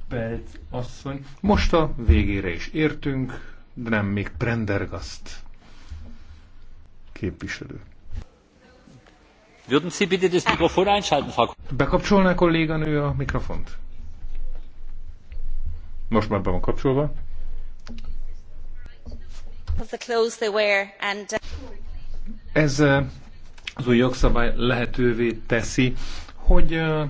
Pelt asszony. Most a végére is értünk, de nem még Prendergast képviselő. Würden Sie bitte das Mikrofon einschalten, Frau Bekapcsolná kolléganő a mikrofont? Most már be van kapcsolva. Uh, Ez uh, az új jogszabály lehetővé teszi, hogy uh,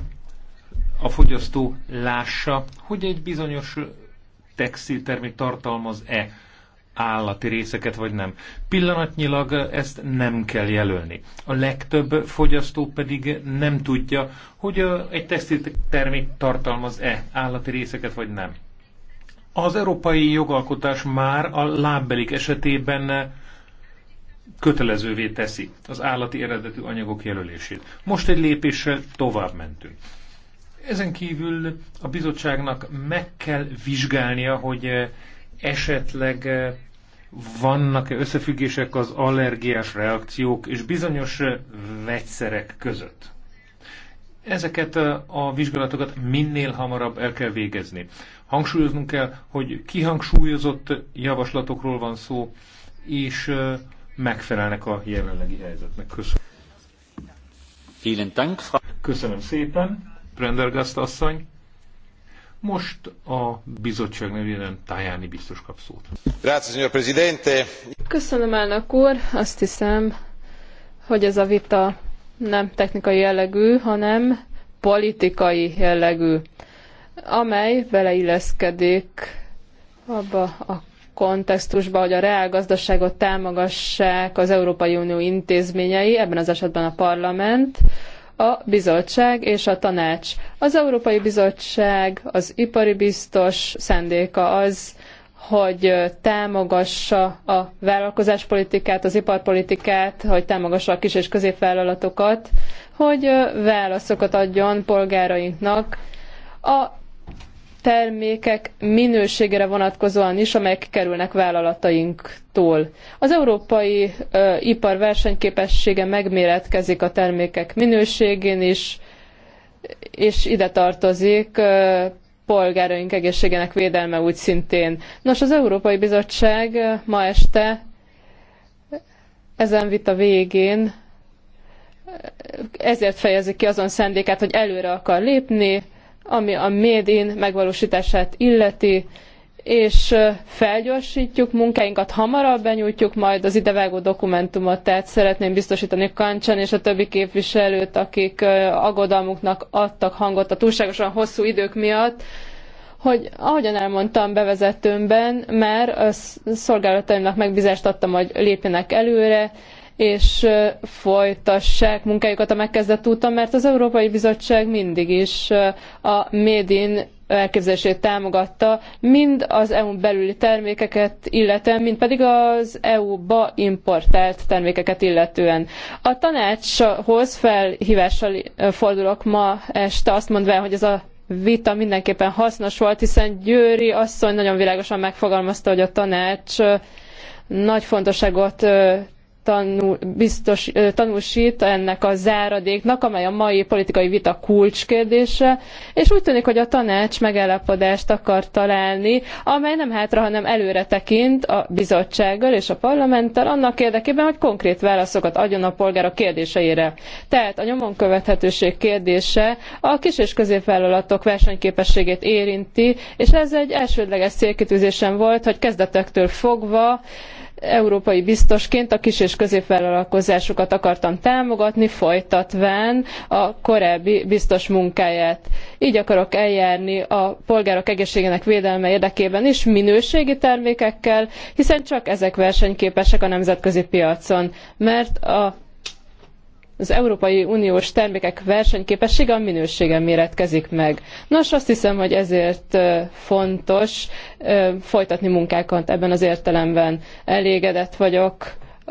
a fogyasztó lássa, hogy egy bizonyos textiltermék tartalmaz-e állati részeket, vagy nem. Pillanatnyilag ezt nem kell jelölni. A legtöbb fogyasztó pedig nem tudja, hogy egy textiltermék tartalmaz-e állati részeket, vagy nem. Az európai jogalkotás már a lábbelik esetében kötelezővé teszi az állati eredetű anyagok jelölését. Most egy lépéssel tovább mentünk. Ezen kívül a bizottságnak meg kell vizsgálnia, hogy eh, esetleg eh, vannak -e összefüggések az allergiás reakciók és bizonyos eh, vegyszerek között. Ezeket a vizsgálatokat minél hamarabb el kell végezni. Hangsúlyoznunk kell, hogy kihangsúlyozott javaslatokról van szó, és megfelelnek a jelenlegi helyzetnek. Köszönöm. Köszönöm szépen. Prendergast asszony. Most a bizottság nevében Tajani biztos kap szót. Köszönöm, elnök úr. Azt hiszem, hogy ez a vita nem technikai jellegű, hanem politikai jellegű, amely beleilleszkedik abba a kontextusba, hogy a reálgazdaságot támogassák az Európai Unió intézményei, ebben az esetben a parlament, a bizottság és a tanács. Az Európai Bizottság, az ipari biztos szándéka az, hogy támogassa a vállalkozáspolitikát, az iparpolitikát, hogy támogassa a kis és középvállalatokat, hogy válaszokat adjon polgárainknak a termékek minőségére vonatkozóan is, amelyek kerülnek vállalatainktól. Az európai ö, ipar versenyképessége megméretkezik a termékek minőségén is, és ide tartozik ö, polgáraink egészségének védelme úgy szintén. Nos, az Európai Bizottság ma este ezen vita végén ezért fejezi ki azon szándékát, hogy előre akar lépni, ami a Made in megvalósítását illeti, és felgyorsítjuk munkáinkat, hamarabb benyújtjuk majd az idevágó dokumentumot, tehát szeretném biztosítani Kancsan és a többi képviselőt, akik aggodalmuknak adtak hangot a túlságosan hosszú idők miatt, hogy ahogyan elmondtam bevezetőmben, már a szolgálataimnak megbízást adtam, hogy lépjenek előre, és folytassák munkájukat a megkezdett úton, mert az Európai Bizottság mindig is a Médin elképzelését támogatta, mind az EU-n belüli termékeket illetően, mind pedig az EU-ba importált termékeket illetően. A tanácshoz felhívással fordulok ma este, azt mondva, hogy ez a vita mindenképpen hasznos volt, hiszen Győri asszony nagyon világosan megfogalmazta, hogy a tanács nagy fontosságot tanul, biztos, tanúsít ennek a záradéknak, amely a mai politikai vita kulcskérdése, és úgy tűnik, hogy a tanács megállapodást akar találni, amely nem hátra, hanem előre tekint a bizottsággal és a parlamenttel annak érdekében, hogy konkrét válaszokat adjon a polgárok kérdéseire. Tehát a nyomon követhetőség kérdése a kis és középvállalatok versenyképességét érinti, és ez egy elsődleges célkitűzésem volt, hogy kezdetektől fogva európai biztosként a kis- és középvállalkozásokat akartam támogatni, folytatván a korábbi biztos munkáját. Így akarok eljárni a polgárok egészségének védelme érdekében is minőségi termékekkel, hiszen csak ezek versenyképesek a nemzetközi piacon, mert a az Európai Uniós termékek versenyképessége a minőségen méretkezik meg. Nos, azt hiszem, hogy ezért fontos folytatni munkákat ebben az értelemben. Elégedett vagyok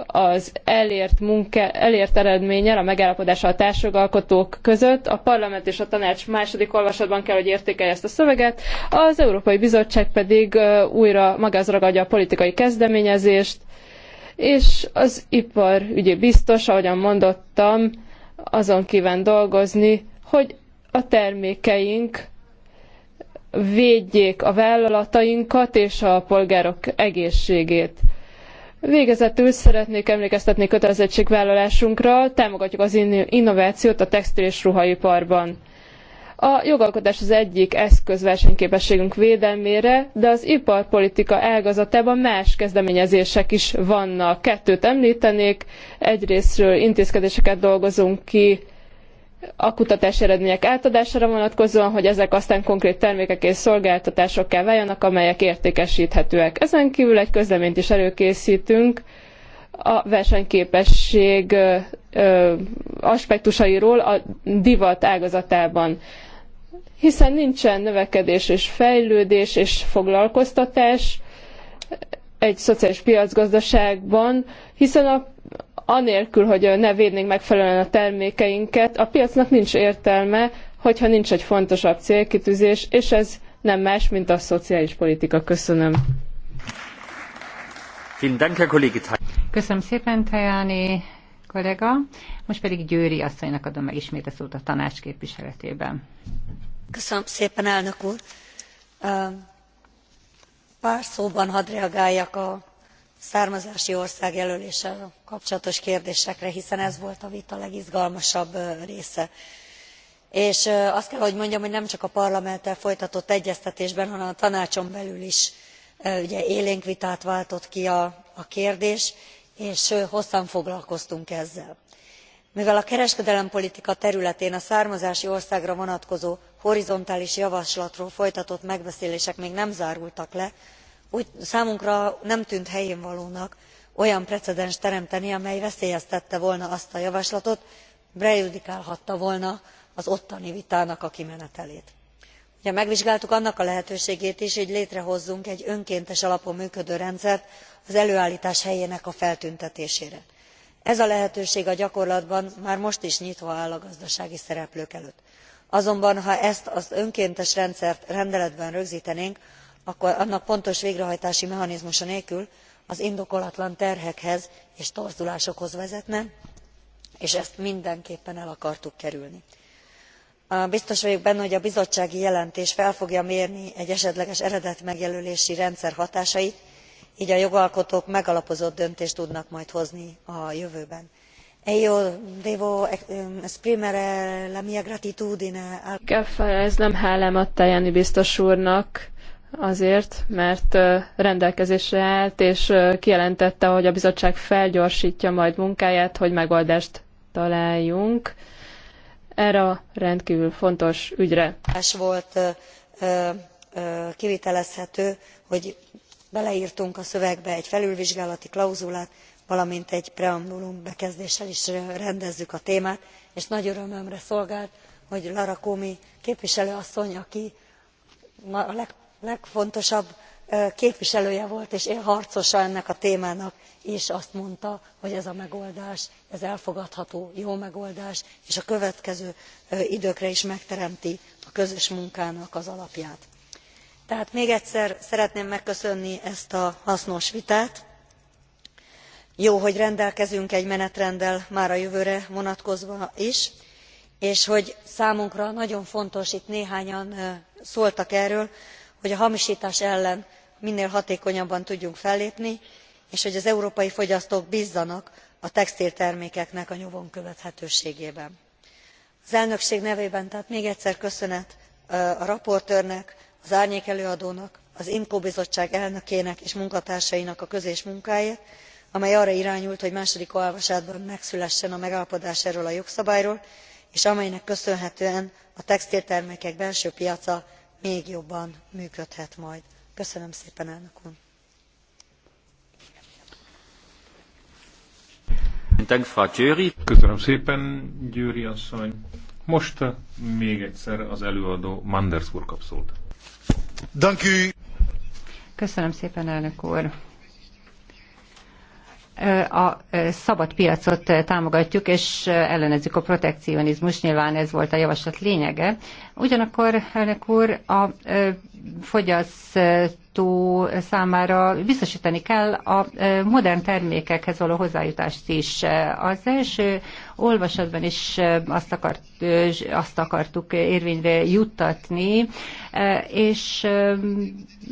az elért, munka, elért eredménnyel, a megállapodása a társjogalkotók között. A parlament és a tanács második olvasatban kell, hogy értékelje ezt a szöveget, az Európai Bizottság pedig újra magához ragadja a politikai kezdeményezést, és az iparügyi biztos, ahogyan mondottam, azon kíván dolgozni, hogy a termékeink védjék a vállalatainkat és a polgárok egészségét. Végezetül szeretnék emlékeztetni kötelezettségvállalásunkra, támogatjuk az innovációt a textil és ruhaiparban. A jogalkotás az egyik eszköz versenyképességünk védelmére, de az iparpolitika ágazatában más kezdeményezések is vannak. Kettőt említenék, egyrésztről intézkedéseket dolgozunk ki a kutatási eredmények átadására vonatkozóan, hogy ezek aztán konkrét termékek és szolgáltatásokká váljanak, amelyek értékesíthetőek. Ezen kívül egy közleményt is előkészítünk a versenyképesség aspektusairól a divat ágazatában hiszen nincsen növekedés és fejlődés és foglalkoztatás egy szociális piacgazdaságban, hiszen a, anélkül, hogy ne védnénk megfelelően a termékeinket, a piacnak nincs értelme, hogyha nincs egy fontosabb célkitűzés, és ez nem más, mint a szociális politika. Köszönöm. Köszönöm szépen, Tajáni kollega. Most pedig Győri asszonynak adom meg ismét a szót a tanács képviseletében pár szóban hadd reagáljak a származási ország jelöléssel kapcsolatos kérdésekre hiszen ez volt a vita legizgalmasabb része és azt kell hogy mondjam hogy nem csak a parlamenttel folytatott egyeztetésben hanem a tanácson belül is ugye élénk vitát váltott ki a kérdés és hosszan foglalkoztunk ezzel mivel a kereskedelempolitika területén a származási országra vonatkozó horizontális javaslatról folytatott megbeszélések még nem zárultak le számunkra nem tűnt helyénvalónak olyan precedenst teremteni amely veszélyeztette volna azt a javaslatot prejudikálhatta volna az ottani vitának a kimenetelét. ugye megvizsgáltuk annak a lehetőségét is hogy létrehozzunk egy önkéntes alapon működő rendszert az előálltás helyének a feltüntetésére ez a lehetőség a gyakorlatban már most is nyitva áll a gazdasági szereplők előtt azonban ha ezt az önkéntes rendszert rendeletben rögztenénk akkor annak pontos végrehajtási mechanizmusa nélkül az indokolatlan terhekhez és torzulásokhoz vezetne és ezt mindenképpen el akartuk kerülni. biztos vagyok benne hogy a bizottsági jelentés fel fogja mérni egy esetleges eredetmegjelölési rendszer hatásait gy a jogalkotók megalapozott döntést tudnak majd hozni a jövőben. ki kell fejeznem hálámat tajani biztos úrnak azért mert rendelkezésre állt és kijelentette hogy a bizottság felgyorstja majd munkáját hogy megoldást találjunk erre a rendkvül fontos ügyre. volt kivitelezhető hogy belertunk a szövegbe egy felülvizsgálati klauzulát valamint egy preambulum bekezdéssel is rendezzük a témát és nagy örömömre szolgált hogy lara comi képviselő asszony aki a legfontosabb képviselője volt és harcosa ennek a témának is azt mondta hogy ez a megoldás ez elfogadható jó megoldás és a következő időkre is megteremti a közös munkának az alapját tehát még egyszer szeretném megköszönni ezt a hasznos vitát. jó hogy rendelkezünk egy menetrenddel már a jövőre vonatkozva is és hogy számunkra nagyon fontos itt néhányan szóltak erről hogy a hamistás ellen minél hatékonyabban tudjunk fellépni és hogy az európai fogyasztók bzzanak a textiltermékeknek a nyomon követhetőségében. az elnökség nevében tehát még egyszer köszönet a raportőrnek az árnyékelőadónak az imco bizottság elnökének és munkatársainak a közös munkáért amely arra irányult hogy második olvasatban megszülessen a megállapodás erről a jogszabályról és amelynek köszönhetően a textiltermékek belső piaca még jobban működhet majd. köszönöm szépen elnök úr! Köszönöm szépen, asszony. Most uh, még egyszer az előadó Köszönöm szépen, elnök úr a szabad piacot támogatjuk, és ellenezzük a protekcionizmus, nyilván ez volt a javaslat lényege. Ugyanakkor, elnök úr, a fogyaszt fogyasztó számára biztosítani kell a e, modern termékekhez való hozzájutást is. E, az első olvasatban is e, azt, akart, azt akartuk érvényre juttatni, és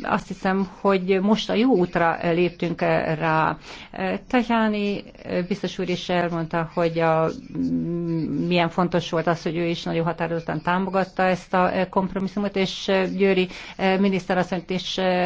azt hiszem, hogy most a jó útra léptünk rá. Tajáni biztos úr is elmondta, hogy a, milyen fontos volt az, hogy ő is nagyon határozottan támogatta ezt a kompromisszumot, és Győri miniszterasszonyt is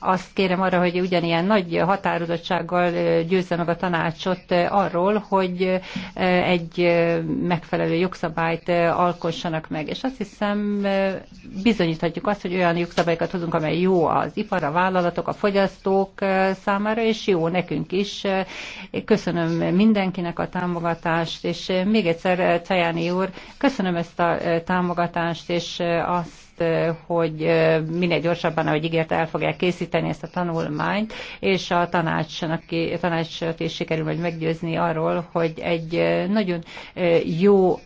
azt kérem arra, hogy ugyanilyen nagy határozottsággal győzze meg a tanácsot arról, hogy egy megfelelő jogszabályt alkossanak meg. És azt hiszem, bizonyíthatjuk azt, hogy olyan jogszabályokat hozunk, amely jó az ipar, a vállalatok, a fogyasztók számára, és jó nekünk is. Köszönöm mindenkinek a támogatást, és még egyszer, Tajáni úr, köszönöm ezt a támogatást, és azt, hogy minél gyorsabban, ahogy ígérte, el fogják készíteni készíteni ezt a tanulmányt, és a tanácsnak, a tanácsot is sikerül majd meggyőzni arról, hogy egy nagyon jó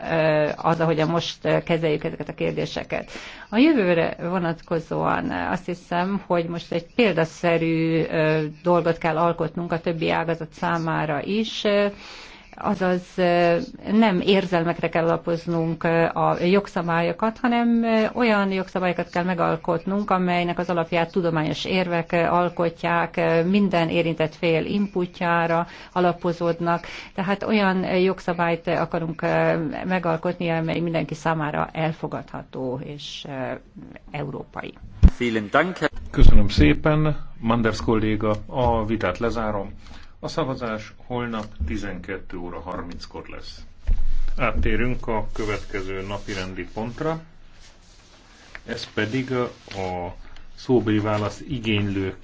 az, ahogyan most kezeljük ezeket a kérdéseket. A jövőre vonatkozóan azt hiszem, hogy most egy példaszerű dolgot kell alkotnunk a többi ágazat számára is, azaz nem érzelmekre kell alapoznunk a jogszabályokat, hanem olyan jogszabályokat kell megalkotnunk, amelynek az alapját tudományos érvek alkotják, minden érintett fél inputjára alapozódnak, tehát olyan jogszabályt akarunk megalkotni, amely mindenki számára elfogadható és európai. Köszönöm szépen, Manders kolléga, a vitát lezárom. A szavazás holnap 12 óra 30-kor lesz. Áttérünk a következő napi rendi pontra, ez pedig a szóbeli válasz igénylők